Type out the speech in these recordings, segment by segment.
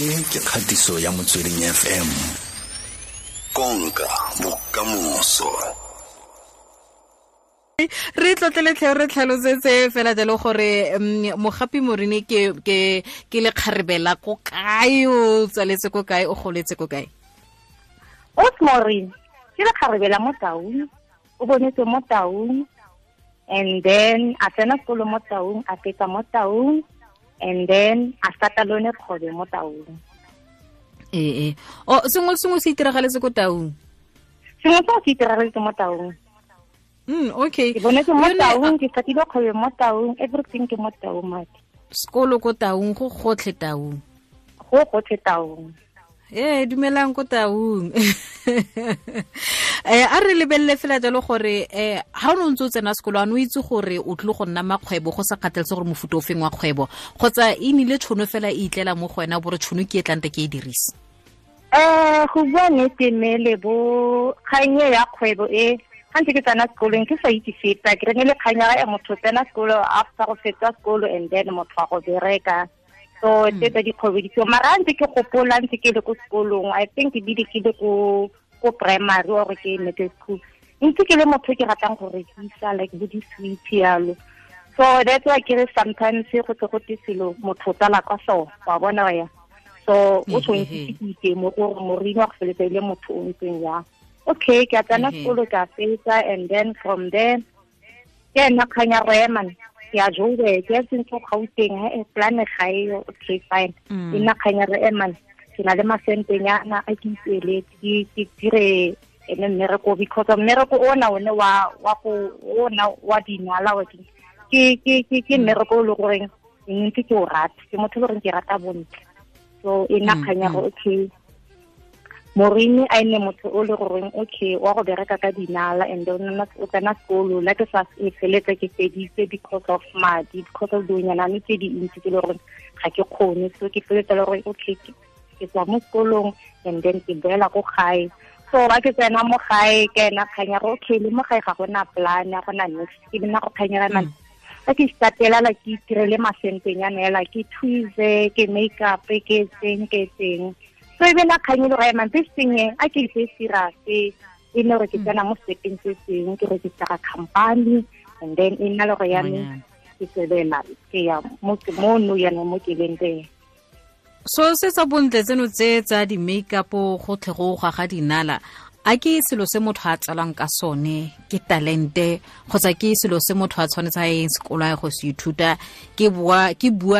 e ke kgatiso ya motsweding fm konka bokamoso re tlotletlhe re tlhalosetse fela jalo gore mm, mogapi morini ke ke ke le kgaribela ko kae o tswaletse ko kae o goletse ko kae osmorene ke le kgaribela mo taung o bonetse mo taung and then a tsena sekolo mo taung a fetsa mo taung and then a stata lone kgobe mo taung ee o sengwe le sengwe se itiragaletse ko taung sengwe seo se itiragaletse mo taung mm okay ke bonetse mo taung ke tatile kgobe mo taung everything ke mo taung mate sekolo ko taung go gotlhe taung go gotlhe taung ee dumelang ko taung eh a re lebelle fela jalo gore um eh, ga o ne o ntse o tsena sekolo ano o itse gore o tlile go nna makgwebo go sa kgathelese gore mofuta o feng wa kgwebo kgotsa e nile tšhono fela e itlela mo go wena bore tšhono ke e tlante ke e dirise um go bua nnete bo kgangye ya kgwebo e ga ntse ke tsena sekolong ke sa itse feta ke rene le kgang yaga e motho tsena sekolo after go fetsa sekolo and then motho wa go bereka so hmm. tse dikgwebo ditso mara ntse ke gopola ntse ke le ko sekolong i think ebile ke le ko ko primary or ke middle school ntse ke le motho ke ratang go rekisa like bo di-sweet yalo so that's why ke re sometimes go tse go te selo motho tsala ka sone wa bona ya so o mhm, tshwanetse mhm. ke itemo gore morino wa go feletsa ile motho o ntseng okay ke a tsena mhm. sekolo fetsa and then from ke ke a gauteng e plane ga eyo okay fine mm. e nna sena le masentenyana a ke itseeletse ke dire ene mmereko because mmereko o na one wa wa go ona wa dinala wa ke ke ke ke hmm. mmereko o le goreng ke o motho e le goreng ke rata so e nna hmm, kganya go hmm. okay morini a ene motho o le goreng okay wa go bereka ka dinala and then o o tsena sekolo la ke sa e feletsa ke fedise because of madi because of dinyanane tse dintsi ke le goreng ga ke kgone so ke feletsa le goreng okay ke tswa mo sekolong and then ke boela ko gae so ba ke tsena mo gae ke ena kgang ya go okay le mo gae ga gona plan ya gona next ke nna go kganyela nna ba mm. ke statela la ke itirele masenteng ya neela ke thuise ke make up ke tseng ke tseng so e be la kganyele ga ema this thing e a ke se serious e ne gore ke mm. tsena mo stepeng se seng ke registera company and then e nna le go ya me ke tsebela ke ya mo no yanong mo ke leng teng so se sa bontle tseno tse tsa di-makeup gotlhe go gwa ga dinala a ke selo se motho a tsalwang ka sone ke talente kgotsa ke selo se motho a tshwanetse a eng sekolo a go se ithuta ke bua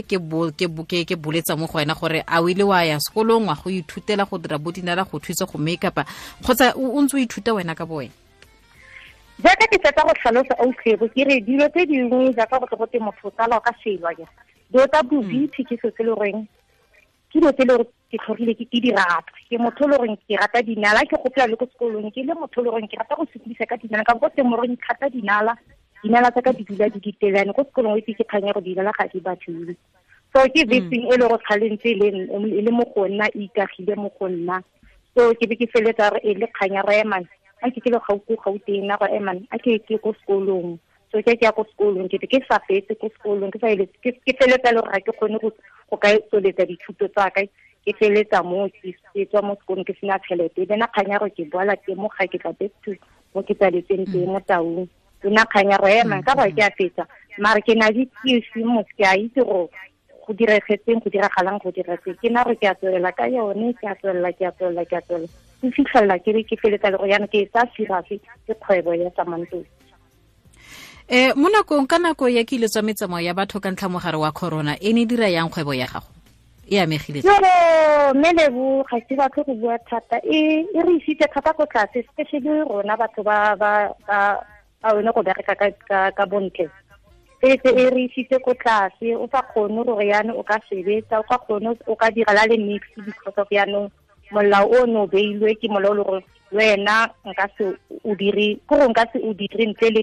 ke boletsa mo go wena gore a o ile wa ya sekolong wa go ithutela go dira bo dinala go thusa go makeupa kgotsa o ntse o ithuta wena ka bo wena jaaka ke fetsa go tlhalosa okebo ke re dilo tse dingwe jaaka go tlo gote motho o tsalwa ka selwa dilo tsa bobiti hmm. ke se se le goreng ke mo tse le ke tlhorile ke di rata ke motho le gore ke rata dinala ke gopela le ko sekolong ke le motho le gore ke rata go sokodisa ka dinala ka bo teng moreng thata dinala dinala tsa ka di dula di ditelane ko sekolong e ke kganya ya go dinala ga di batlile so ke mm. vaping e le go tlhalentse e, e le mo go nna e ikagile mo go nna so ke be ke feletsa re e le kganya re go emane a ke ke le gauko gauteng na go emane a ke ke ko sekolong So, yè kè a kouskolon, kè te kè sa fè, kè kouskolon, kè fè lè talor, akè konou kou kè soletè di choukotwa kè, kè fè lè tamon, kè choukotwa kè sinatrelè, pè nan kanyarò kè bo ala kè mou kè kè kadek tou, mou kè talé tenbe, mou ta ou, nan kanyarò, e man kè wè kè a fè ta. Mare kè nan jit, ki yè e si mou kè a iti ro, kou direkè ten, kou direkè lan, kou direkè ten, kè nan rè kè atolè la kè, ya wè ne, kè atolè la, kè atolè la, eh mo nakong ka nako ya kiletso metsamao ya batho ka ntlha mogare wa corona e ne e dira yang kgwebo ya gago e amegile yoo melebo ga se batho go bua thata e, e re isitse thata ko tlase especially rona batho ba ba ba a one go bereka ka bontle e, e e re isitse ko tlase o sa kgone gore yaanong o ka sebetsa o ka kgone o ka direla le mix because of yaanong molao o ne o beilwe ke molao le gore wena nka se o dire kore nka se o dire ntle le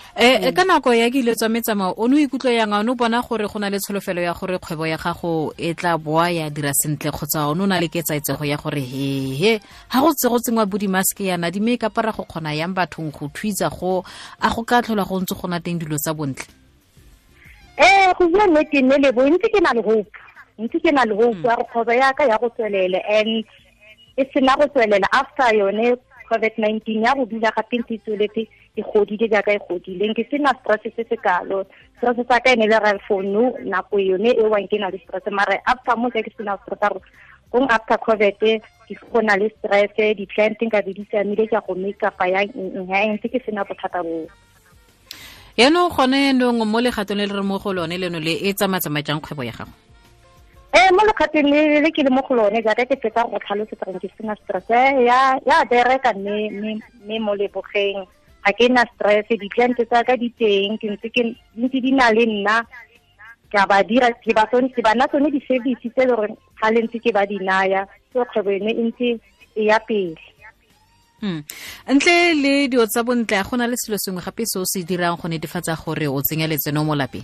e ka nako ya ke ile tswa metsamao o ne o ikutlwa yang a o ne bona gore go na le tsholofelo ya gore kgwebo ya gago e tla boa ya dira sentle kgotsa o ne o na le ketsaetsego ya gore hehe ga go tse go tsengwa bo di-mask yana di-makeup-ara go kgona yang bathong go thuitsa go a go ka tlhola go ntse go na teng dilo tsa bontle ee eh, go bua nnete nne lebo ntse ke na le hope ntse ke na le hope hmm. ya gore kgwebo yaka ya go tswelela and e sena go tswelela after yone covid 19 ya go dula gape ntse e tsweletse e godile jaaka e godileng ke sena stress se se kalo stress sa ka ene le ra phone nako yone e wang ke na le stress mara after mo ke sena stress aro kong after covid ke go na le stress di-planting ka di di siamile le ka go make up ya eng ha ntse ke sena ya no khone no ngo mo le le le re mo go lone leno le e tsa matsa jang kgwebo ya gago eh mo lekgateng le le ke le mo go lone ka ke fetsa go tlhalosetsa gore ke sena stress ya ya ne ne mo le bogeng Ake na strefe, di jante sa ka di jenke, mwen seke mwen se di nale nna, ka badi, seba son, seba nato ne di sebi, sipe loren, halen seke badi naya, so kwebe ne, mwen se, e ya pe. Ente, hmm. le di otzabon de, akon ale silosyon mwen kapi, so si diran akon e di fadza kore, otzengen le zeno mol api?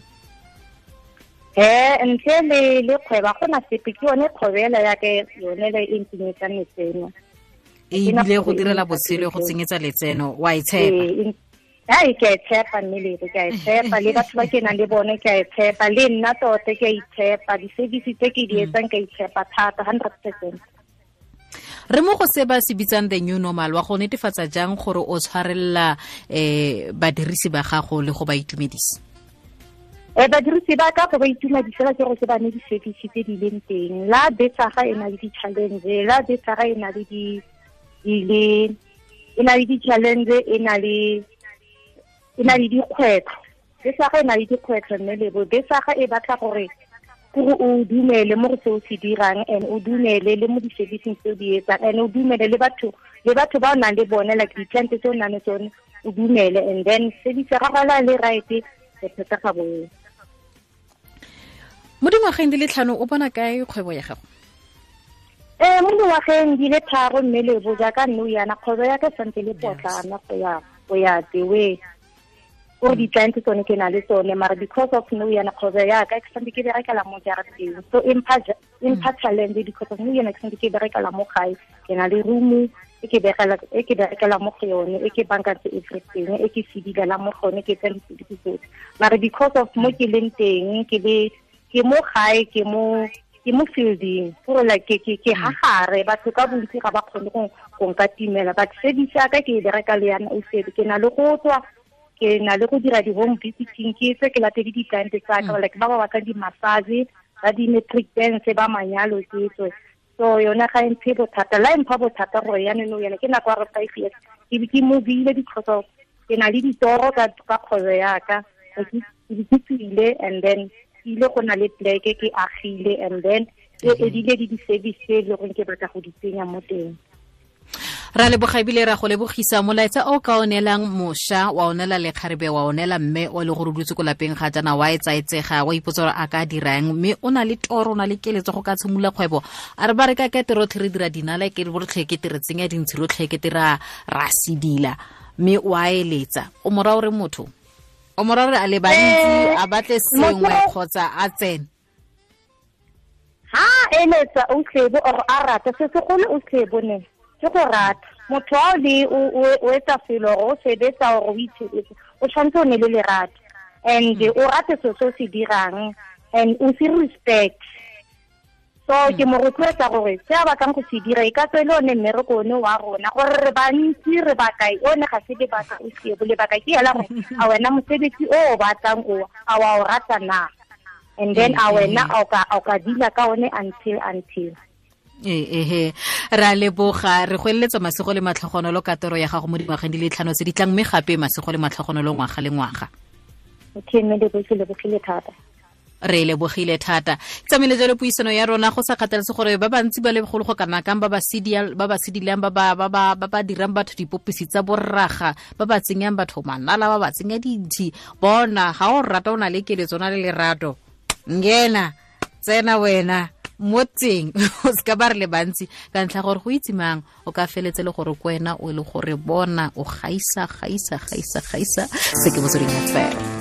E, ente, le kwebe akon, a sepe ki wane kwebe la ya ke, yon e le inti mwen sa mwen seke mwen. e ebile go e direla botshelo go tsenyetsa letseno wa e tshepa e, ai ke a e tshepa mmelere ke a tshepa le batho ba ke nang le bone ke a tshepa le nna tote ke a itshepa di-service tse ke di hmm. etsang ke a itshepa thata hundred percent re mo go se ba se bitsang the new normal wa go netefatsa jang gore o tshwarelela um badirisi ba gago le go ba itumedisa um badirisi ba ka go ba itumedisela ke go se bane di-service tse di leng teng la betsaga e na le di-challenge la betsaga e na le di ile e na le di-challenge e na le e na le dikgwetlho besaga e na le dikgwetlho mme lebo besaga e batla gore kore o dumele mo go se o se dirang and o dumele le mo di-servicing tse o di etsang and o dumele le batho le batho ba o nang le bone like di-tlante tse o nang le tsone o dumele and then service ya gago la le right sepheta ga boe mo dingwageng di le tlhano o bona kae kgwebo ya gago eh mo dingwageng di le tharo mme le bo jaaka nne o yana kgwebo ya ka santse le potlana go ya go ya tewe o di client tsone ke na le tsone mara because of no yana kgwebo ya ka ke santse ke berekela mo teng so impha impha challenge because of no yana ke santse ke berekela mo gae ke na le room e ke berekela e ke berekela mo go yone e ke banka tse everything e ke fidibela mo gone ke tsela tse di tsotlhe mara because of mo ke leng teng ke le ke mo gae ke mo ke mo fielding gore like ke ke ke hagare batho ka bontsi ga ba kgone go go nka timela but service ya ka ke e bereka le yana o sebe ke na le go tswa ke na le go dira di-home visiting ke tse ke latedi di-cliente tsaka mm. like ba ba batla di-massage ba di-matric dance ba manyalo ke tswe so yona ga e mphe bothata la e mpha bothata gore yane no yana ke nako ya re five years ke be ke movile because of ke na le ditoro ka kgwebo yaka ke tsile and then agile go na le pleke ke agile and then ke mhm. edile di di-service tse e le goreng ke batla go di tsenya mo teng ra leboga ebile ra go lebogisa molaetsa o ka o neelang mošwa wa o neela lekgarebe wa o neela mme o le gore dutse ko lapeng ga jana wa e tsaetsega wa ipotsa gore a ka dirang mme o na le toro o na le keletso go ka tshimolola kgwebo a re ba re ka kete rotlhe re dira dinala ke rotlhe kete re tsenya dintshi rotlhe kete ra sedila mme o a eletsa o morao re motho o mora gore a le bantsi a batle sengwe kgotsa a tsene ha eletsa o tlhebo or a rata se segolo o tlhebo ne ke go rata motho a le o etsa felo gore o sebetsa gore o itshebetse o tshwanetse o ne le lerato and mm. o rate se se o se dirang and o se respect so hmm. ke mo rotloetsa gore se a batlang go se dira e ka tswe le one mmereko one wa rona gore re bantsi re bakae one ga se lebaka o siebo lebaka ke ela gore a wena mosebetsi o o batlang o a wa o rata na and then a hmm. wena o ka dila ka one until until e, ehe a leboga re go eletsa masego le matlhogonolo katoro ya gago mo dingwageng di le tlhano tse di tlang mme gape masego le matlhogonolo ngwaga le ngwaga okay mme lebogile thata re lebogile thata tsamaile jalo puisano ya rona go sa kgathalese gore ba bantsi ba le bogolo go kana kang ba ba sedilang ba ba dirang batho dipopisi tsa borraga ba ba tsenyang batho manala ba ba tsenya dinthi bona ga o rata o na le keletso na le lerato ngena tsena wena mo tseng o seka ba re le bantsi ka ntlha gore go itse mang o ka feletse e le gore kwena o e le gore bona o gaisa gaisa gaisa gaisa se ke botsoding ya fela